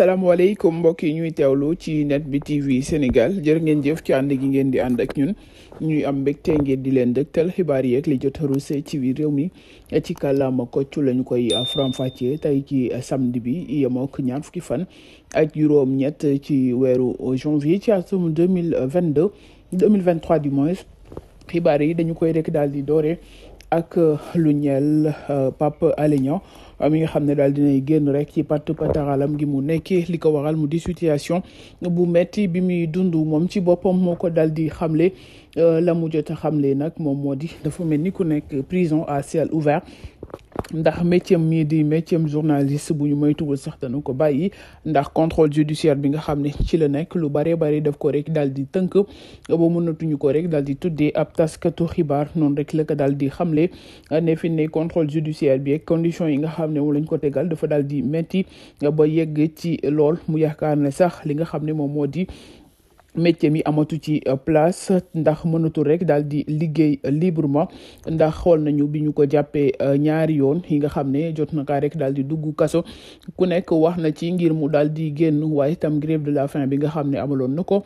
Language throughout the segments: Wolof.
salaamaaleykum mbokk yi ñuy teewlu ci net bi TV Sénégal jërë ngeen jëf ci ànd gi ngeen di ànd ak ñun ñuy am mbégte ngeen di leen dëgtal xibaar yeeg li jot a ruuse ci biir réew mi ci kàllaama kocc lañu koy faram-fàccee tey ci samedi bi yemook ñaar fukki fan ak juróom-ñett ci weeru janvier ci atum deux mille vingt deux deux mille vingt trois du moins xibaar yi dañu koy rekk daal di doore ak lu ñeel euh, Pape Alé Niang mi nga xam ne daal dinay génn rek ci pat pataralam gi mu nekkee li ko waral mu di situation bu metti bi muy dund moom ci boppam moo ko dal di xamle euh, la mu jot a xamle nag moom moo di dafa mel ni ku nekk prison à ciel ouvert ndax métier mii di métier journaliste bu ñu moytuwul sax dana ko bàyyi ndax contrôle judiciaire bi nga xam ne ci la nekk lu bare bare def ko rek daal di tënk ba mënatuñu ko rek daal di tuddee ab taskatu xibaar noonu rek la ko daal di xamle ne fi ne contrôle judiciaire bi ak yi nga xam ne moom lañ ko tegal dafa daal di metti ba yegg ci lool mu yaakaar ne sax li nga xam ne moom moo di. métier mi amatu ci euh, place ndax mënatul rek daal di liggéey euh, librement ndax xool nañu bi ñu ko jàppee euh, ñaari yoon yi nga xam ne jot na kaa rek daal di dugg kaso ku nekk wax na ci ngir mu daal di génn waaye itam grève de la fin bi nga xam ne amaloon na ko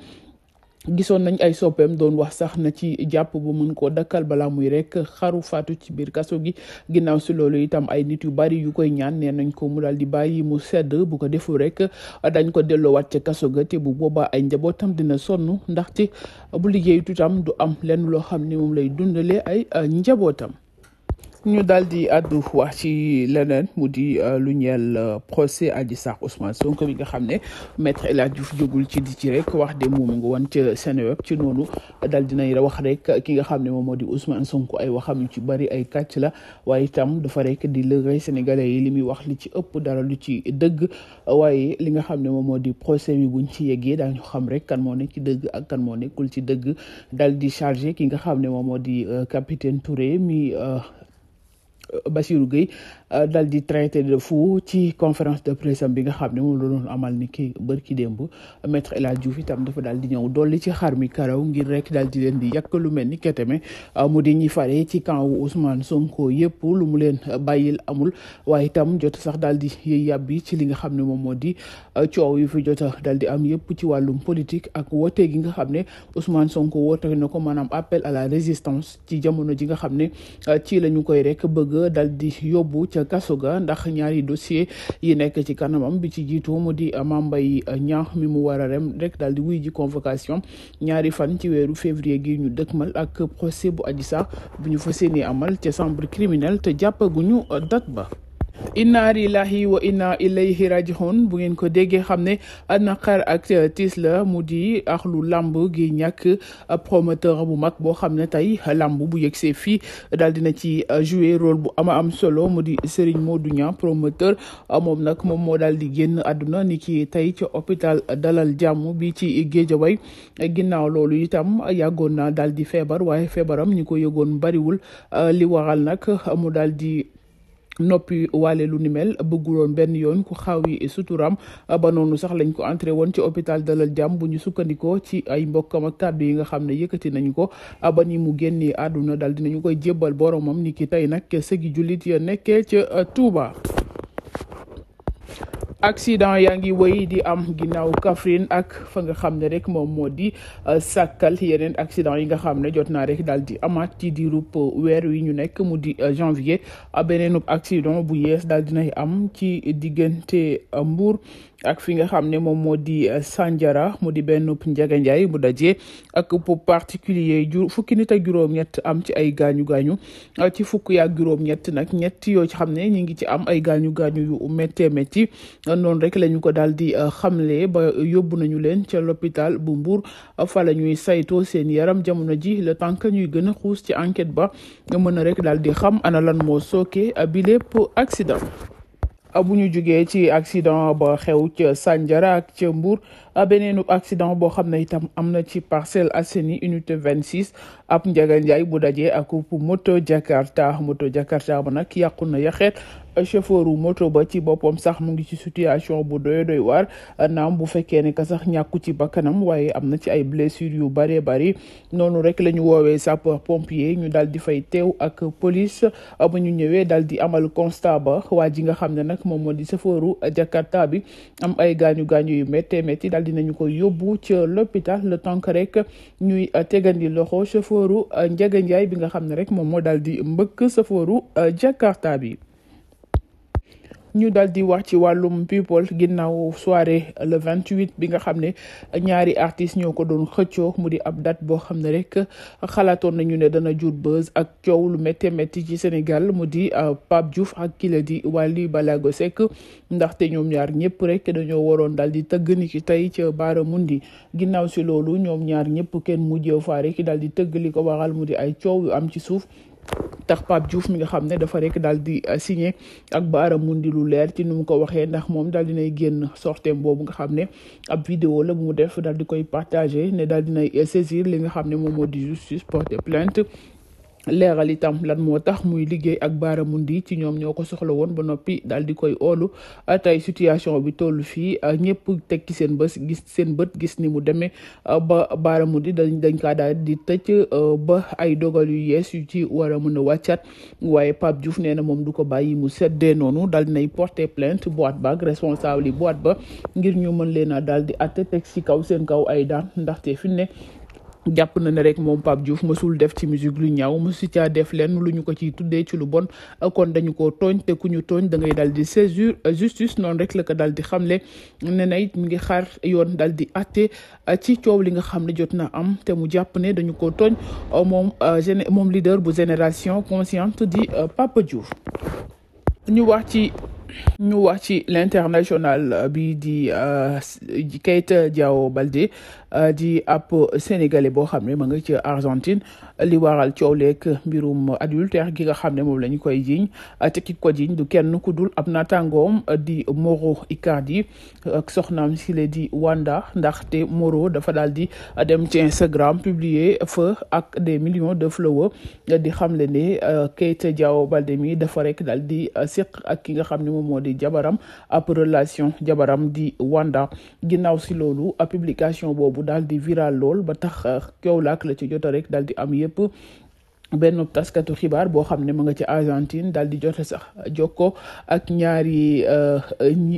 gisoon nañ ay soppeem doon wax sax na ci jàpp bu muñ ko dakkal balaa muy rek xaru faatu ci biir kaso gi ginnaaw si loolu itam ay nit yu bari yu koy ñaan nee nañ ko mu daal di bàyyi mu sedd bu ko deful rek dañ ko delloowaat ca kaso ga te bu boobaa ay njabootam dina sonn ndaxte bu liggéeyut itam du am lenn loo xam ne moom lay dundalee ay njabootam. ñu daal di àddu wax ci leneen mu di euh, lu ñeel euh, procès Adji Sarr Ousmane Sonko bi nga xam ne maître El Hadji ci di ci rek wax de moom nga woon ca ci noonu daal dinañ wax rek ki nga xam ne moom moo di Ousmane Sonko ay waxam yu ci bëri ay kàcc la waaye itam dafa rek di lëgëy sénégalais yi li muy wax li ci ëpp dara lu ci dëgg waaye li nga xam ne moom moo di procès bi buñ ci yeggee daañu xam rek kan moo nekk ci dëgg ak kan moo nekkul ci dëgg daal di chargé ki nga xam ne moom moo di euh, capitaine Touré mi. Bassirou Gueye euh, dal di traité de fou ci conférence de presse am bi nga xam ne moom la doon amal ni ki bërki démb maître El Hadji Diouf itam dafa daal di ñëw dolli ci xar mi karaw ngir rek daal di leen di yàq lu mel ni keteme euh, mu di ñi fare ci camp wu Ousmane Sonko yëpp lu mu leen euh, bàyyil amul waaye itam jot sax daal di yëy ci li nga xam ne moom moo di coow yu fi jot a daal am yëpp ci wàllum politique ak woote gi nga xam ne Ousmane Sonko woote na ko maanaam appel à la résistance ci jamono ji nga xam ne ci la dal di yóbbu ca kaso ga ndax ñaari dossier yi nekk ci kanamam bi ci jiitu mu di Mame Mbaye Niang mi mu war a rem rek dal di wuy ji convocation ñaari fan ci weeru février gi ñu dëkk mal ak procès bu Adji Sarr bu ñu fas yéene amal ca sembre criminelle te jàppaguñu date ba inna lillahi wa inna ilayhi rajiun bu ngeen ko déggee xam ne naqar ak la mu di axlu làmb gi ñàkk promoteur bu mag boo xam ne tey làmb bu yëgsee fii daal dina ci jouer role bu ama am solo mu di Serigne Modou promoteur moom nag moom moo daal di génn àdduna ni ki tey ci hôpital Dalal Jàmm bi ci Géejawaay ginnaaw loolu itam yàggoon na daal di feebar waaye feebaram ñi ko yëgoon bariwul li waral nag mu daal noppi waale lu ni mel bëgguloon benn yoon ku xaw yi suturam ba noonu sax lañ ko entré woon ci hôpital dalal jàmm bu ñu sukkandikoo ci ay mbokkam ak kàddu yi nga xam ne yëkkati nañ ko ba ni mu génnee àdduna dal dinañu koy jébbal boromam ni ki tey nag sëgi jullit ya nekkee ca Touba. accident yaa ngi wéy di am ginnaaw Kaffrine ak fa nga xam ne rek moom moo di euh, sàkkal yeneen accident yi nga xam ne jot naa rek daal di amaat di rup euh, weer wi ñu nekk mu di euh, janvier beneenub accident bu yees daal dinay am ci diggante Mbour ak fi nga xam ne moom moo di euh, Sandiara mu di benn njëge njaay bu dajee ak pour particulier ju fukki nit ak juróom-ñett am ci ay gaañu gaañu euh, ci fukki ak juróom nag ñett yoo ci xam ne ñu ngi ci am ay gaañu gaañu yu méttee métti euh, noonu rek la ñu ko daal di xam le ba yóbbu nañu leen ca l'hôpital bu Mbour fa la ñuy saytoo seen yaram jamono ji le temps que ñuy gën a xuus ci enquête ba mën a rek daal di xam ana lan moo sooke bi lépp accident. bu ñu jugee ci accident ba xew ca Sandiara ak ca Mbour beneenu accident boo xam ne itam am na ci Parcelles Assainies unité 26 ab njaganjaay bu dajee ak moto Jakarta moto Jakarta ba nag yàqu na yaxeet chauffeur moto ba ci boppam sax mu ngi ci situation bu doy war waar naam bu fekkee ne ka sax ñàkku ci bakkanam waaye am na ci ay blessures yu bëree bëri noonu rek la ñu woowee sapeur pompier ñu daal di fay teew ak police ba ñu ñëwee dal di amal constat ba waa ji nga xam ne nag moom moo di chauffeur Jakarta bi am ay gaañu gaañu yu méttee métti daal dinañu ko yóbbu ci l'hôpital le temps rek ñuy tegandi loxo chauffeuru euh, Ndiaga ndiay bi nga xam ne rek moom moo daal di mbëkk chauffeuru euh, Jakarta bi ñu dal di wax ci wàllum people ginnaaw soirée le vingt huit bi nga xam ne ñaari artistes ñoo ko doon xëccoo mu di ab date boo xam ne rek xalaatoon nañu ne dana jur buzz ak coow lu métti métti ci Sénégal mu di euh, Pape Diouf ak kii di di Wally Balago Seck ndaxte ñoom ñaar ñëpp rek dañoo waroon dal di tëgg ni ki tey ca Baaramundi ginnaaw si loolu ñoom ñaar ñëpp kenn mujjee faa rek dal di tëgg li ko waral mu di ay coow yu am ci suuf. tax Pape Diouf mi nga xam ne dafa rek daal di euh, signé ak Baara Mundi lu leer ci nu mu ko waxee ndax moom daal dinay génn sorteem boobu nga xam ne ab vidéo la mu def daal di koy partagé ne daal dinay euh, saisir li nga xam ne moom moo di justice porter plainte leeral itam lan moo tax muy liggéey ak Baara Mundi ci ñoom ñoo ko soxla woon ba noppi daal di koy oolu ah, tey situation bi toll fii ah, ñëpp teg ci seen bës gis seen bët gis ni mu demee ah, ba Baara Mundi dañ dañ kaa daal di tëj ba ay dogal yu yees yu ci war a mën a wàccaat waaye Pape Diouf nee na moom du ko bàyyi mu seddee noonu daal dinay porter plainte boîte ba ak responsable yi boîte ba ngir ñu mën leen a daal di àtte teg ci kaw seen kaw ay daan ndaxte fi ne jàpp na ne rek moom Pape Diouf mësul def ci musique lu ñaaw mësu caa def lenn lu ñu ko ciy tuddee ci lu bon kon dañu ko tooñ te ku ñu tooñ da ngay daal di saisir justice noonu rek la ko daal di xamle ne na it ngi xaar yoon daal di àtte ci coow li nga xam ne jot na am te mu jàpp ne dañu ko tooñ moom euh, géné moom leader bu génération consciente di euh, Pape Diouf ñu wax ci. ñu wax ci l'international euh, bi di euh, Keita Diao Baldé euh, di app sénégalais boo xam ne ma nga ci Argentine li waral coow leeg mbirum adultère gi nga xam ne moom la koy jiñ te ki jiñ du kenn ku dul ab naataangoom di Mauro Icardi ak soxnaam si le di Wanda ndaxte Mauro dafa daal di dem ci Instagram publier fa ak des millions de followers di xamle ne Keita Diao Baldé mi dafa rek daal di seq ak ki xam ne moom moom moo di jabaram ab jabaram di Wanda ginnaaw si loolu publication boobu daal di viral lool ba tax Kaolack la ci jota rek daal di am yëpp benn taskatu xibaar boo xam ne mu nga ci Argentine daal di jote sax jokko ak ñaari euh,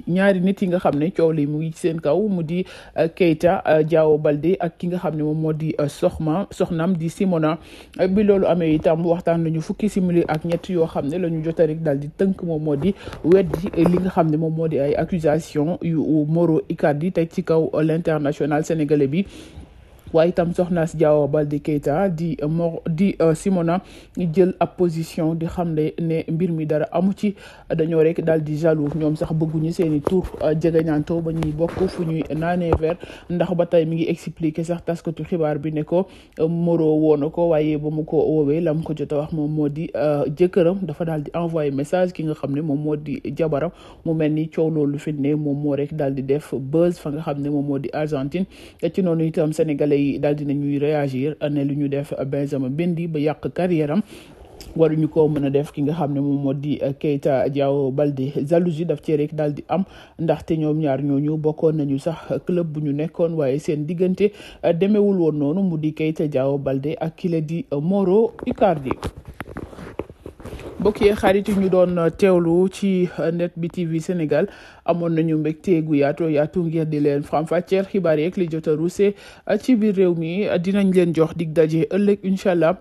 ñaari nit yi nga xam ne coow li mu ngi seen kaw mu di euh, Keita euh, Diao baldi ak ki nga xam ne moom moo di soxma soxnaam di Simona bi loolu amee itam waxtaan nañu fukki simili ak ñett yoo xam ne la ñu jota rek daal di tënk moom moo di weddi li nga xam ne moom moo di ay accusation yu Mauro Icardi teg ci kaw l'international sénégalais bi waaye itam soxna si Diawa Baldé Keita di uh, mor di uh, Simona jël apposition di xam ne ne mbir mi dara amu ci dañoo rek daal di jaloux ñoom sax bëgguñu seen i tur uh, jegeñaantoo ba ñuy bokk fu ñuy naanee verre ndax ba tey mi ngi expliqué sax taskatu xibaar bi ne ko moro woo na ko waaye ba mu ko woowee lam ko jot a wax moom moo di jëkkëram dafa daal di envoyé message ki nga xam ne moom moo di jabaram mu mel ni coow loolu fi ne moom moo rek daal di def buzz fa nga xam ne moom moo di Argentine ci noonu itam sénégalais yi daal dina ñuy réagir ne lu ñu def Benjamin Mendy ba yàq carrière waruñu ko mën a def ki nga xam ne moom moo di Keita Diao Baldé jalousie daf cee rek daal di am ndaxte ñoom ñaar ñooñu bokkoon nañu sax club bu ñu nekkoon waaye seen diggante demewul woon noonu mu di Keita Diao Baldé ak kile di Mauro Icardi mbokk yi xarit ñu doon euh, teewlu ci euh, net bi TV Sénégal amoon nañu mbégte gu yaatu yaatu ngir di leen faram-fàcceel xibaar yeeg li jot a euh, ci biir réew mi dinañ leen jox dig daje ëllëg incha allah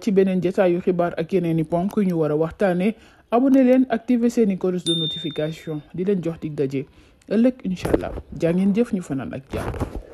ci beneen jotaayu xibaar ak yeneen i ponk yu ñu war a waxtaanee abonné leen activer seen i cloche de notification di leen jox dig daje ëllëg incha allah jaa ngeen jëf ñu fanaan ak jàmm.